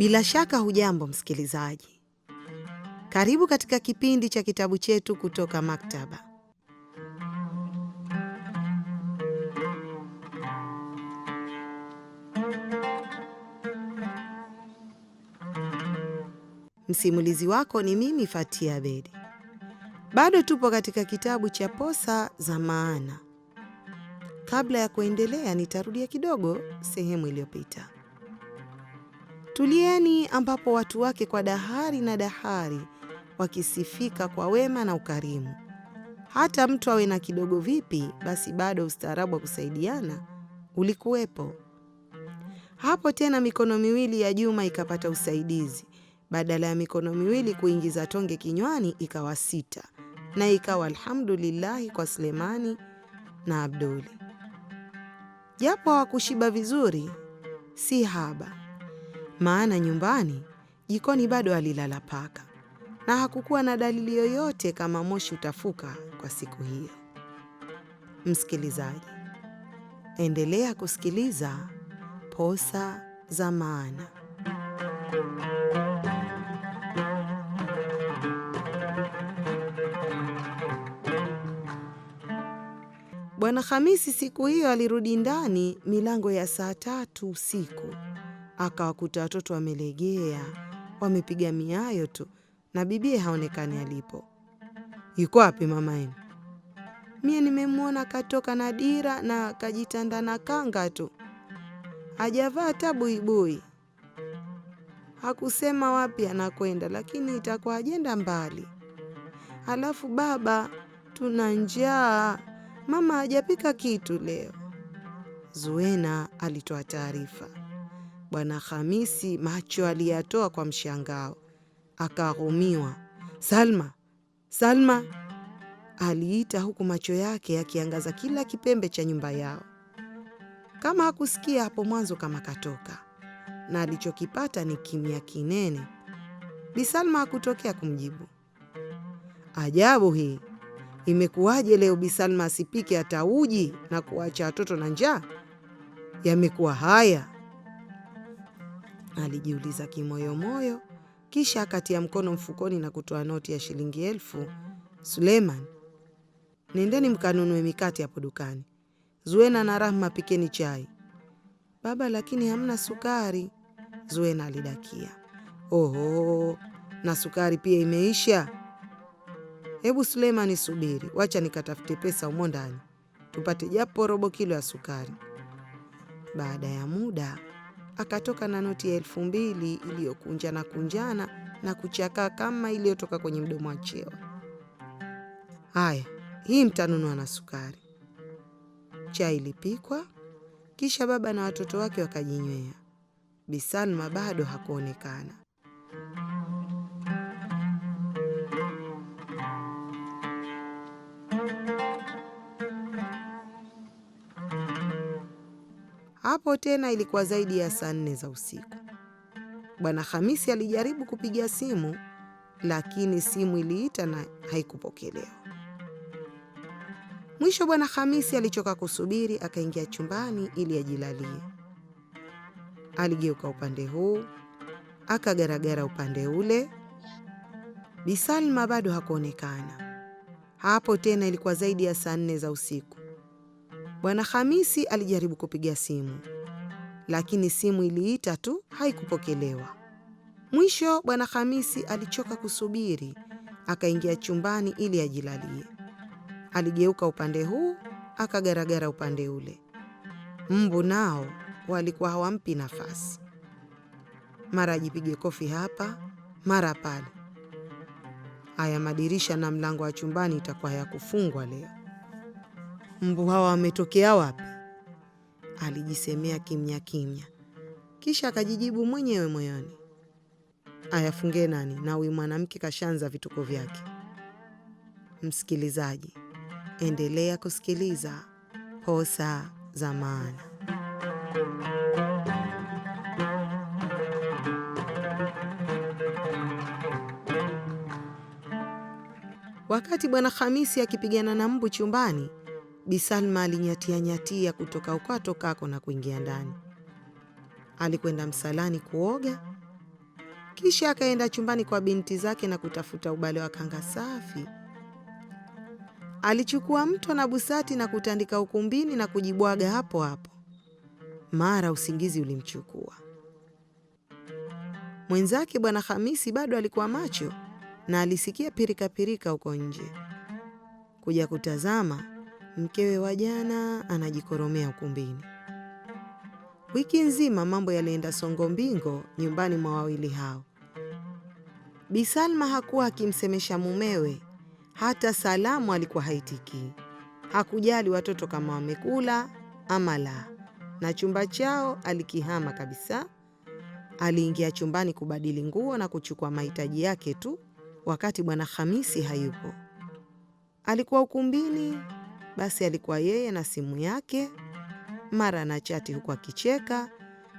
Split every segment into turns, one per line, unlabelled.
Bila shaka hujambo msikilizaji, karibu katika kipindi cha kitabu chetu kutoka maktaba. Msimulizi wako ni mimi Fatia Bedi. Bado tupo katika kitabu cha Posa za Maana. Kabla ya kuendelea, nitarudia kidogo sehemu iliyopita. Tulieni ambapo watu wake kwa dahari na dahari wakisifika kwa wema na ukarimu. Hata mtu awe na kidogo vipi, basi bado ustaarabu wa kusaidiana ulikuwepo. Hapo tena mikono miwili ya Juma ikapata usaidizi. Badala ya mikono miwili kuingiza tonge kinywani, ikawa sita, na ikawa alhamdulillahi kwa sulemani na Abduli. Japo hawakushiba vizuri, si haba, maana nyumbani jikoni bado alilala paka, na hakukuwa na dalili yoyote kama moshi utafuka kwa siku hiyo. Msikilizaji, endelea kusikiliza Posa za Maana. Bwana Hamisi siku hiyo alirudi ndani milango ya saa tatu usiku akawakuta watoto wamelegea, wamepiga miayo tu, na bibie haonekani alipo. Yuko wapi mama yenu? Mie nimemwona katoka na dira na kajitanda na kanga tu, hajavaa buibui Hakusema wapi anakwenda, lakini itakuwa ajenda mbali. alafu baba, tuna njaa, mama hajapika kitu leo. Zuena alitoa taarifa. Bwana hamisi macho aliyatoa kwa mshangao, akaghumiwa. Salma, Salma, aliita huku macho yake yakiangaza kila kipembe cha nyumba yao. Kama hakusikia hapo mwanzo kama katoka, na alichokipata ni kimya kinene. Bi Salma hakutokea kumjibu. Ajabu hii imekuwaje leo Bi Salma asipike hata uji na kuacha watoto na njaa? Yamekuwa haya alijiuliza kimoyomoyo, kisha akatia mkono mfukoni na kutoa noti ya shilingi elfu. Suleiman, nendeni mkanunue mikate hapo dukani. Zuena na Rahma pikeni chai. Baba, lakini hamna sukari, Zuena alidakia. Oho, na sukari pia imeisha. Hebu Suleimani, subiri, wacha nikatafute pesa umo ndani tupate japo robo kilo ya sukari. Baada ya muda akatoka na noti ya elfu mbili iliyokunjana kunjana na kuchakaa kama iliyotoka kwenye mdomo wa chewa. Haya, hii mtanunua na sukari. Chai ilipikwa, kisha baba na watoto wake wakajinywea. Bisalma bado hakuonekana. Hapo tena ilikuwa zaidi ya saa nne za usiku. Bwana Hamisi alijaribu kupiga simu, lakini simu iliita na haikupokelewa. Mwisho Bwana Hamisi alichoka kusubiri, akaingia chumbani ili ajilalie. Aligeuka upande huu, akagaragara upande ule. Bi Salma bado hakuonekana. Hapo tena ilikuwa zaidi ya saa nne za usiku. Bwana Hamisi alijaribu kupiga simu, lakini simu iliita tu, haikupokelewa. Mwisho Bwana Hamisi alichoka kusubiri, akaingia chumbani ili ajilalie. Aligeuka upande huu, akagaragara upande ule. Mbu nao walikuwa hawampi nafasi, mara ajipige kofi hapa, mara pale. Haya madirisha na mlango wa chumbani itakuwa ya kufungwa leo mbu hawa wametokea wapi? Alijisemea kimya kimya, kisha akajijibu mwenyewe moyoni, ayafunge nani na huyu mwanamke kashanza vituko vyake. Msikilizaji, endelea kusikiliza Hosa za Maana. Wakati Bwana khamisi akipigana na mbu chumbani, Bi Salma alinyatia nyatia kutoka ukato kako na kuingia ndani. Alikwenda msalani kuoga, kisha akaenda chumbani kwa binti zake na kutafuta ubale wa kanga safi. Alichukua mto na busati na kutandika ukumbini na kujibwaga hapo hapo. Mara usingizi ulimchukua. Mwenzake Bwana Hamisi bado alikuwa macho na alisikia pirikapirika huko nje, kuja kutazama mkewe wa jana anajikoromea ukumbini. Wiki nzima mambo yalienda songo mbingo nyumbani mwa wawili hao. Bi Salma hakuwa akimsemesha mumewe, hata salamu alikuwa haitikii. Hakujali watoto kama wamekula ama la, na chumba chao alikihama kabisa. Aliingia chumbani kubadili nguo na kuchukua mahitaji yake tu, wakati bwana Hamisi hayupo. Alikuwa ukumbini basi alikuwa yeye na simu yake, mara anachati huku akicheka,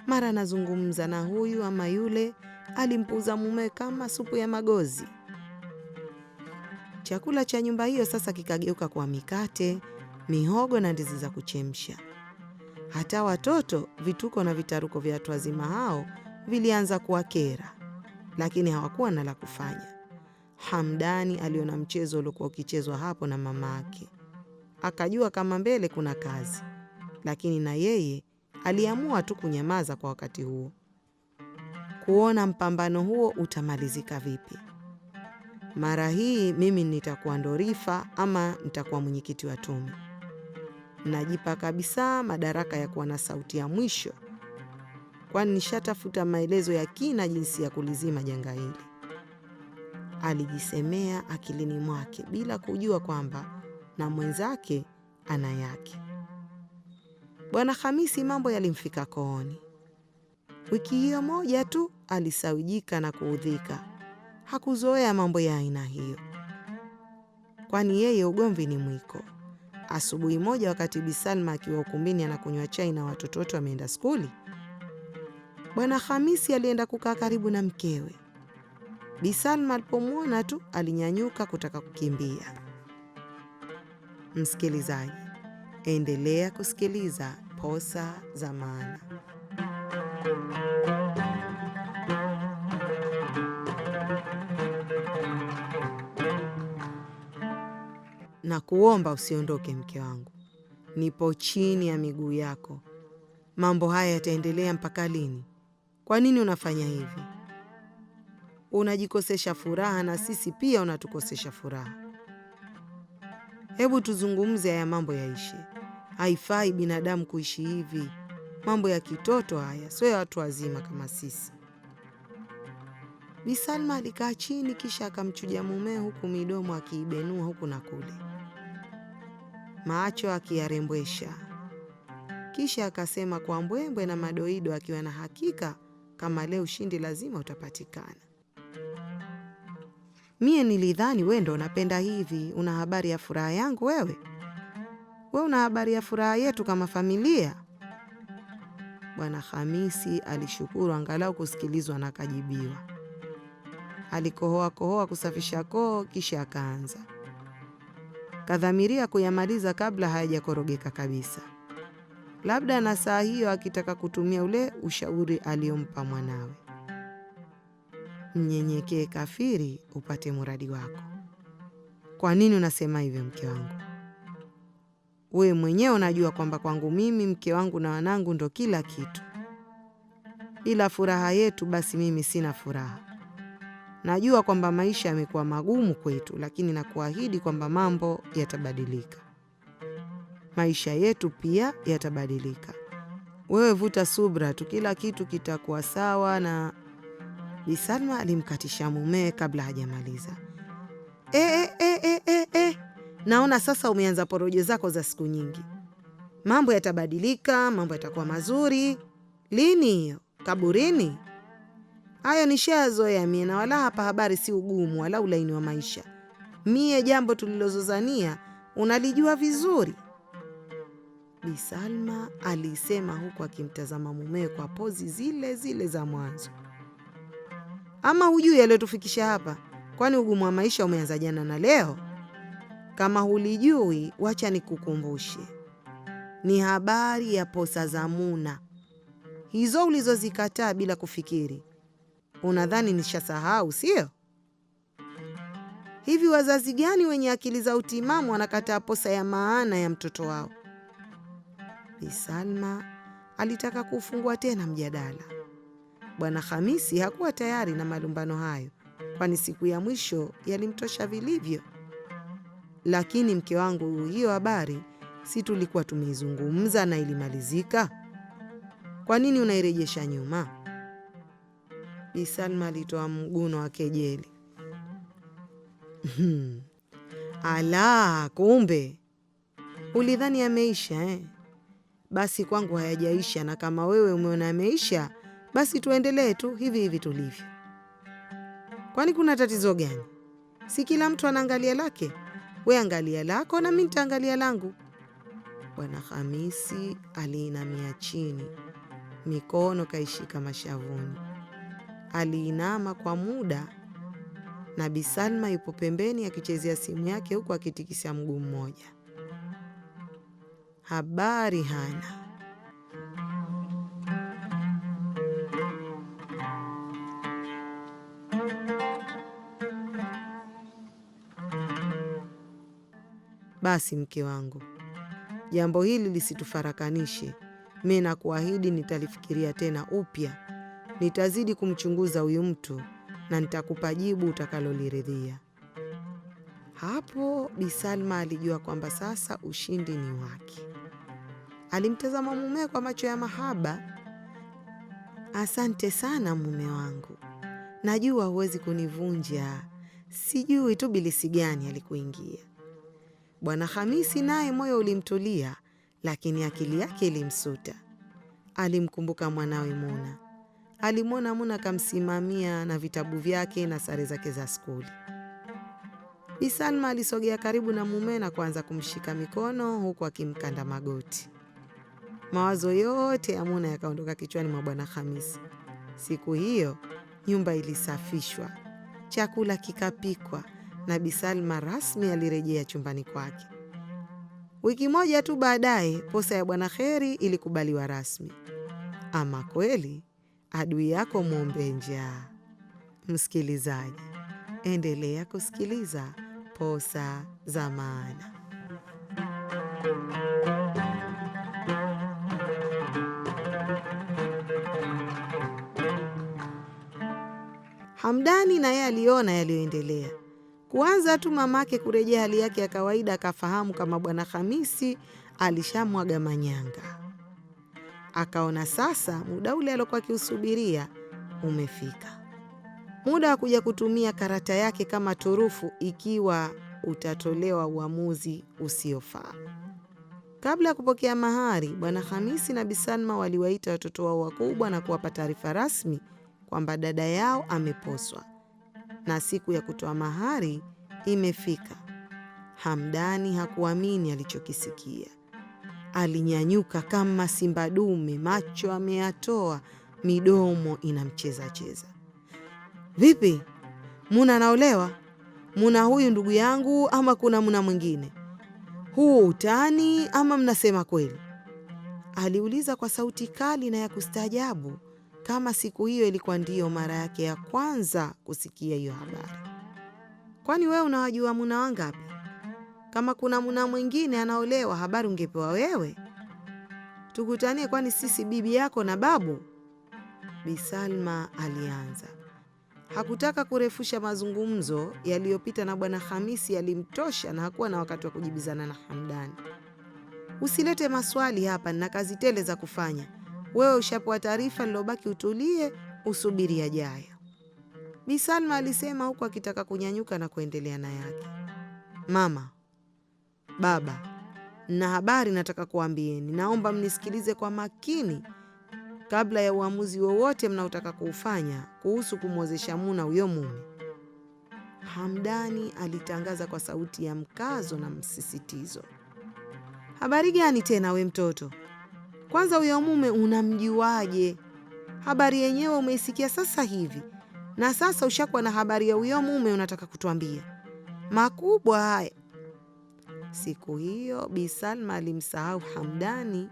mara anazungumza na huyu ama yule. Alimpuuza mume kama supu ya magozi. Chakula cha nyumba hiyo sasa kikageuka kwa mikate, mihogo na ndizi za kuchemsha. Hata watoto vituko na vitaruko vya watu wazima hao vilianza kuwakera, lakini hawakuwa na la kufanya. Hamdani aliona mchezo uliokuwa ukichezwa hapo na mama yake akajua kama mbele kuna kazi, lakini na yeye aliamua tu kunyamaza kwa wakati huo, kuona mpambano huo utamalizika vipi. Mara hii mimi nitakuwa ndo rifa ama nitakuwa mwenyekiti wa tume. Najipa kabisa madaraka ya kuwa na sauti ya mwisho, kwani nishatafuta maelezo ya kina jinsi ya kulizima janga hili, alijisemea akilini mwake bila kujua kwamba na mwenzake ana yake. Bwana Hamisi mambo yalimfika kooni. Wiki hiyo moja tu alisawijika na kuudhika. Hakuzoea mambo ya aina hiyo, kwani yeye ugomvi ni mwiko. Asubuhi moja, wakati Bi Salma akiwa ukumbini anakunywa chai na watoto wote wameenda skuli, Bwana Hamisi alienda kukaa karibu na mkewe. Bi Salma alipomwona tu alinyanyuka kutaka kukimbia. Msikilizaji, endelea kusikiliza Posa za Maana. Na kuomba usiondoke, mke wangu, nipo chini ya miguu yako. Mambo haya yataendelea mpaka lini? Kwa nini unafanya hivi? Unajikosesha furaha na sisi pia unatukosesha furaha. Hebu tuzungumze haya mambo yaishe. Haifai binadamu kuishi hivi. Mambo ya kitoto haya, sio ya watu wazima kama sisi. Bi Salma alikaa chini kisha akamchuja mumee, huku midomo akiibenua huku na kule, macho akiyarembwesha. Kisha akasema kwa mbwembwe na madoido, akiwa na hakika kama leo ushindi lazima utapatikana. Mie nilidhani we ndo unapenda hivi, una habari ya furaha yangu wewe? We una habari ya furaha yetu kama familia? Bwana Hamisi alishukuru angalau kusikilizwa na kajibiwa Alikohoa kohoa kusafisha koo, kisha akaanza, kadhamiria kuyamaliza kabla hayajakorogeka kabisa, labda na saa hiyo akitaka kutumia ule ushauri aliyompa mwanawe mnyenyekee kafiri upate muradi wako. Kwa nini unasema hivyo mke wangu? Wewe mwenyewe unajua kwamba kwangu mimi mke wangu na wanangu ndo kila kitu, ila furaha yetu basi mimi sina furaha. Najua kwamba maisha yamekuwa magumu kwetu, lakini nakuahidi kwamba mambo yatabadilika, maisha yetu pia yatabadilika. Wewe vuta subra tu, kila kitu kitakuwa sawa na Bi Salma alimkatisha mumee kabla hajamaliza. E, e, e, e, e, naona sasa umeanza porojo zako za siku nyingi. Mambo yatabadilika, mambo yatakuwa mazuri. Lini hiyo? Kaburini? Hayo nishayazoea mie, na wala hapa habari si ugumu wala ulaini wa maisha. Mie jambo tulilozozania unalijua vizuri. Bi Salma alisema huku akimtazama mumewe kwa pozi zile zile za mwanzo ama hujui yaliyotufikisha hapa? Kwani ugumu wa maisha umeanza jana na leo? Kama hulijui, wacha nikukumbushe, ni habari ya posa za Muna hizo ulizozikataa bila kufikiri. Unadhani nishasahau, sio? Hivi wazazi gani wenye akili za utimamu wanakataa posa ya maana ya mtoto wao? Bi Salma alitaka kufungua tena mjadala. Bwana Hamisi hakuwa tayari na malumbano hayo, kwani siku ya mwisho yalimtosha vilivyo. Lakini mke wangu, hiyo habari si tulikuwa tumeizungumza na ilimalizika? Kwa nini unairejesha nyuma? Bi Salma alitoa mguno wa kejeli. Hmm. Ala, kumbe ulidhani ameisha eh? Basi kwangu hayajaisha, na kama wewe umeona ameisha, basi tuendelee tu hivi hivi tulivyo. Kwani kuna tatizo gani? Si kila mtu anaangalia lake. We angalia lako na mi nitaangalia langu. Bwana Hamisi aliinamia chini, mikono kaishika mashavuni. Aliinama kwa muda, na Bi Salma yupo pembeni akichezea ya simu yake huku akitikisa mguu mmoja. Habari Hana. Basi mke wangu, jambo hili lisitufarakanishe. Mi nakuahidi nitalifikiria tena upya, nitazidi kumchunguza huyu mtu na nitakupa jibu utakaloliridhia. Hapo Bi Salma alijua kwamba sasa ushindi ni wake. Alimtazama mumewe kwa macho ya mahaba. Asante sana mume wangu, najua huwezi kunivunja. Sijui tu bilisi gani alikuingia. Bwana Hamisi naye moyo ulimtulia, lakini akili yake ilimsuta. Alimkumbuka mwanawe Muna. Alimwona Muna akamsimamia na vitabu vyake na sare zake za skuli. Bi Salma alisogea karibu na mume na kuanza kumshika mikono huku akimkanda magoti. Mawazo yote ya Muna yakaondoka kichwani mwa Bwana Hamisi. Siku hiyo nyumba ilisafishwa, chakula kikapikwa na Bisalma rasmi alirejea chumbani kwake. Wiki moja tu baadaye, posa ya Bwana Kheri ilikubaliwa rasmi. Ama kweli adui yako mwombe njaa. Msikilizaji, endelea kusikiliza Posa za Maana. Hamdani naye aliona yaliyoendelea, kwanza tu mamake kurejea hali yake ya kawaida, akafahamu kama bwana Hamisi alishamwaga manyanga. Akaona sasa muda ule aliokuwa akiusubiria umefika, muda wa kuja kutumia karata yake kama turufu ikiwa utatolewa uamuzi usiofaa. Kabla ya kupokea mahari, bwana Hamisi na Bisalma waliwaita watoto wao wakubwa na kuwapa taarifa rasmi kwamba dada yao ameposwa na siku ya kutoa mahari imefika. Hamdani hakuamini alichokisikia. Alinyanyuka kama simba dume, macho ameyatoa, midomo inamcheza cheza. Vipi, Muna anaolewa? Muna huyu ndugu yangu ama kuna Muna mwingine? Huu utani ama mnasema kweli? Aliuliza kwa sauti kali na ya kustaajabu kama siku hiyo ilikuwa ndiyo mara yake ya kwanza kusikia hiyo habari. Kwani wewe unawajua Muna wangapi? Kama kuna Muna mwingine anaolewa, habari ungepewa wewe. Tukutanie, kwani sisi bibi yako na babu. Bi Salma alianza. Hakutaka kurefusha mazungumzo. Yaliyopita na bwana Hamisi yalimtosha na hakuwa na wakati wa kujibizana na Hamdani. Usilete maswali hapa, nina kazi tele za kufanya. Wewe ushapewa taarifa, lilobaki utulie, usubiri yajayo. Bi Salma alisema huku akitaka kunyanyuka na kuendelea na yake. Mama, baba na habari nataka kuambieni, naomba mnisikilize kwa makini kabla ya uamuzi wowote mnaotaka kuufanya kuhusu kumwozesha Muna huyo mume. Hamdani alitangaza kwa sauti ya mkazo na msisitizo. Habari gani tena we mtoto? Kwanza huyo mume unamjuaje? Habari yenyewe umeisikia sasa hivi, na sasa ushakuwa na habari ya huyo mume, unataka kutuambia makubwa haya. Siku hiyo Bi Salma alimsahau Hamdani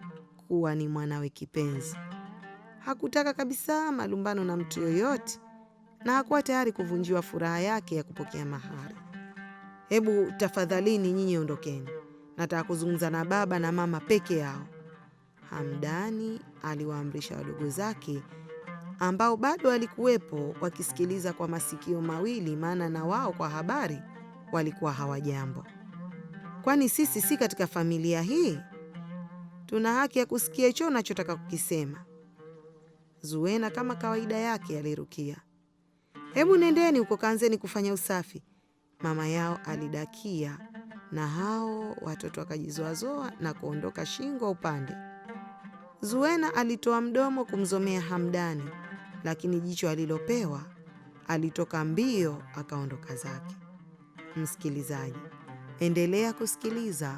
kuwa ni mwanawe kipenzi. Hakutaka kabisa malumbano na mtu yoyote, na hakuwa tayari kuvunjiwa furaha yake ya kupokea mahari. Hebu tafadhalini, nyinyi ondokeni, nataka kuzungumza na baba na mama peke yao. Hamdani aliwaamrisha wadogo zake ambao bado walikuwepo wakisikiliza kwa masikio mawili, maana na wao kwa habari walikuwa hawajambo. Kwani sisi si katika familia hii? Tuna haki ya kusikia hicho unachotaka kukisema. Zuena kama kawaida yake alirukia, hebu nendeni huko, kaanzeni kufanya usafi, mama yao alidakia, na hao watoto wakajizoazoa na kuondoka shingo upande. Zuena alitoa mdomo kumzomea Hamdani, lakini jicho alilopewa alitoka mbio akaondoka zake. Msikilizaji, endelea kusikiliza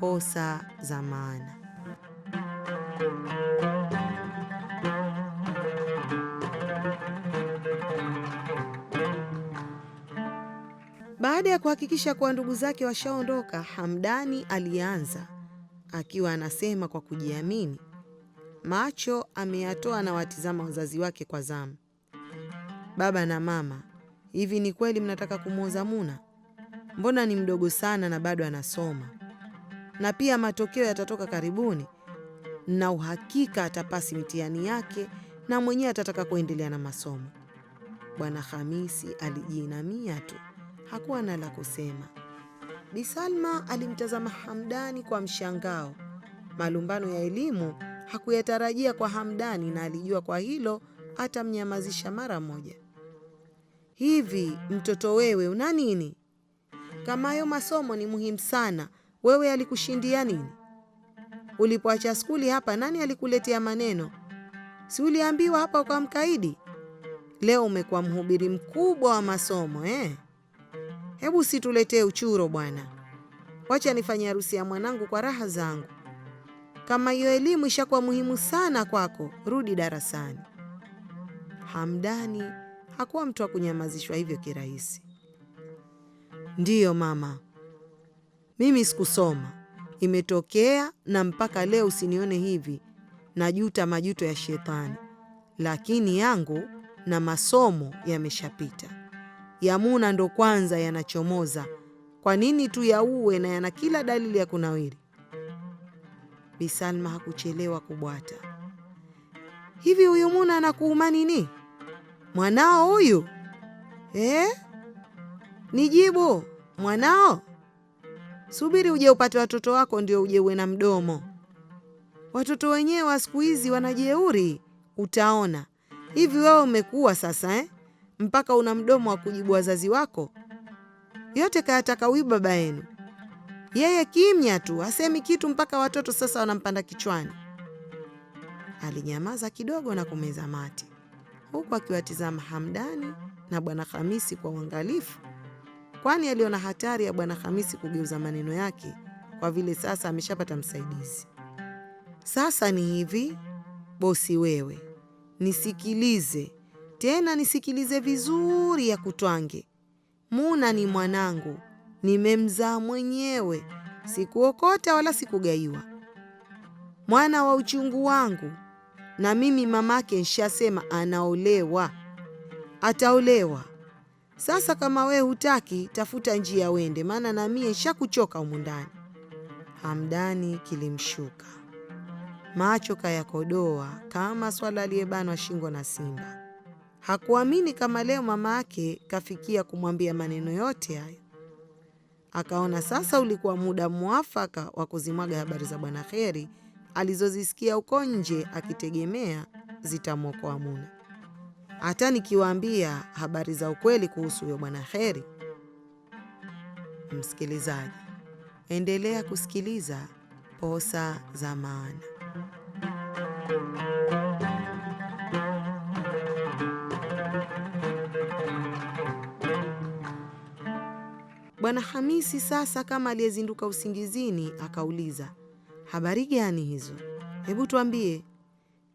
Posa za Maana. Baada ya kuhakikisha kuwa ndugu zake washaondoka, Hamdani alianza akiwa anasema kwa kujiamini Macho ameyatoa na watizama wazazi wake kwa zamu. Baba na mama, hivi ni kweli mnataka kumwoza Muna? Mbona ni mdogo sana na bado anasoma, na pia matokeo yatatoka karibuni, na uhakika atapasi mitihani yake na mwenyewe atataka kuendelea na masomo. Bwana Hamisi alijiinamia tu, hakuwa na la kusema. Bi Salma alimtazama Hamdani kwa mshangao. Malumbano ya elimu hakuyatarajia kwa Hamdani na alijua kwa hilo atamnyamazisha mara moja. Hivi mtoto wewe una nini? Kama hayo masomo ni muhimu sana, wewe alikushindia nini? Ulipoacha skuli hapa, nani alikuletea maneno? Si uliambiwa hapa ukamkaidi? Leo umekuwa mhubiri mkubwa wa masomo eh? Hebu situletee uchuro bwana, wacha nifanye harusi ya mwanangu kwa raha zangu. Kama hiyo elimu ishakuwa muhimu sana kwako, rudi darasani. Hamdani hakuwa mtu wa kunyamazishwa hivyo kirahisi. Ndiyo mama, mimi sikusoma, imetokea na mpaka leo usinione hivi, najuta majuto ya shetani, lakini yangu na masomo yameshapita. Yamuna ndo kwanza yanachomoza. Kwa nini tu yauwe na yana kila dalili ya kunawiri? Bi Salma hakuchelewa kubwata, hivi huyu Muna anakuuma nini mwanao huyu eh? Nijibu, mwanao? Subiri uje upate watoto wako ndio uje uwe na mdomo. Watoto wenyewe wa siku hizi wanajeuri, utaona. Hivi wewe umekuwa sasa eh? mpaka una mdomo wa kujibu wazazi wako? Yote kayataka huyu baba yenu. Yeye kimya tu, asemi kitu mpaka watoto sasa wanampanda kichwani. Alinyamaza kidogo na kumeza mate, huku akiwatizama Hamdani na Bwana Hamisi kwa uangalifu, kwani aliona hatari ya Bwana Hamisi kugeuza maneno yake kwa vile sasa ameshapata msaidizi. Sasa ni hivi bosi, wewe nisikilize tena, nisikilize vizuri, ya kutwange. Muna ni mwanangu nimemzaa mwenyewe, sikuokota wala sikugaiwa, mwana wa uchungu wangu. Na mimi mamake nshasema anaolewa, ataolewa. Sasa kama we hutaki, tafuta njia wende, maana namie nshakuchoka humu ndani. Hamdani kilimshuka macho, kayakodoa kama swala aliyebanwa shingo na simba. Hakuamini kama leo mama yake kafikia kumwambia maneno yote hayo akaona sasa ulikuwa muda mwafaka wa kuzimwaga habari za Bwana Kheri alizozisikia huko nje, akitegemea zitamwokoa Muna. Hata nikiwaambia habari za ukweli kuhusu huyo Bwana Kheri. Msikilizaji, endelea kusikiliza Posa za Maana. Bwana Hamisi sasa kama aliyezinduka usingizini akauliza, habari gani hizo? Hebu tuambie.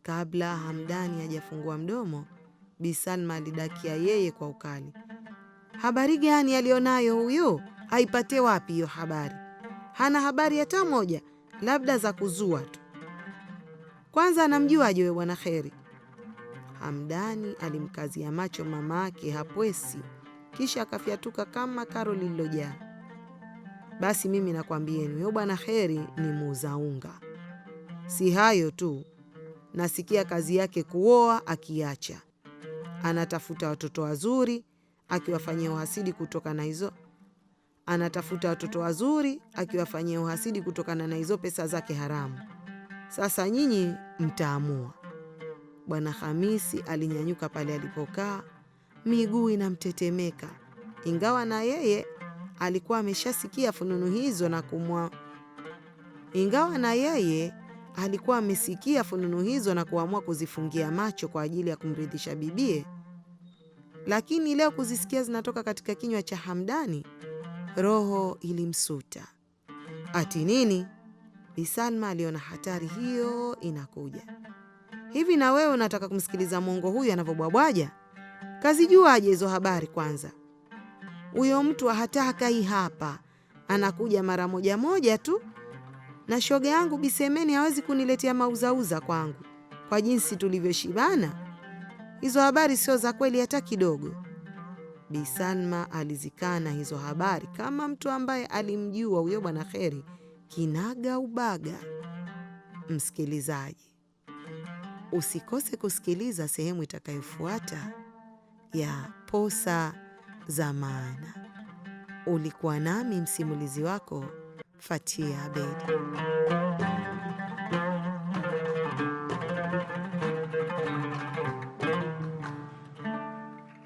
Kabla Hamdani hajafungua mdomo, Bi Salma alidakia yeye kwa ukali, habari gani aliyonayo huyo? Aipate wapi hiyo habari? Hana habari hata moja, labda za kuzua tu. Kwanza anamjuaje wewe bwana Kheri? Hamdani alimkazia macho mamake Hapwesi kisha akafyatuka kama karo lililojaa. Basi mimi nakwambieni, huyo bwana Heri ni muuza unga. Si hayo tu, nasikia kazi yake kuoa akiacha, anatafuta watoto wazuri akiwafanyia uhasidi kutokana hizo anatafuta watoto wazuri akiwafanyia uhasidi kutokana na hizo pesa zake haramu. Sasa nyinyi mtaamua. Bwana Hamisi alinyanyuka pale alipokaa miguu inamtetemeka, ingawa na yeye alikuwa ameshasikia fununu hizo na kumwa ingawa na yeye alikuwa amesikia fununu hizo na kuamua kuzifungia macho kwa ajili ya kumridhisha bibie, lakini leo kuzisikia zinatoka katika kinywa cha Hamdani, roho ilimsuta. Ati nini? Bi Salma aliona hatari hiyo inakuja. Hivi na wewe unataka kumsikiliza mwongo huyu anavyobwabwaja? Kazijuaje hizo habari kwanza? Huyo mtu hata hii hapa, anakuja mara moja moja tu. Na shoga yangu Bisemeni hawezi kuniletea mauzauza kwangu kwa jinsi tulivyoshibana. Hizo habari sio za kweli hata kidogo. Bi Salma alizikana hizo habari kama mtu ambaye alimjua huyo bwana Kheri kinaga ubaga. Msikilizaji, usikose kusikiliza sehemu itakayofuata ya Posa za Maana. Ulikuwa nami msimulizi wako Fatia Bedi.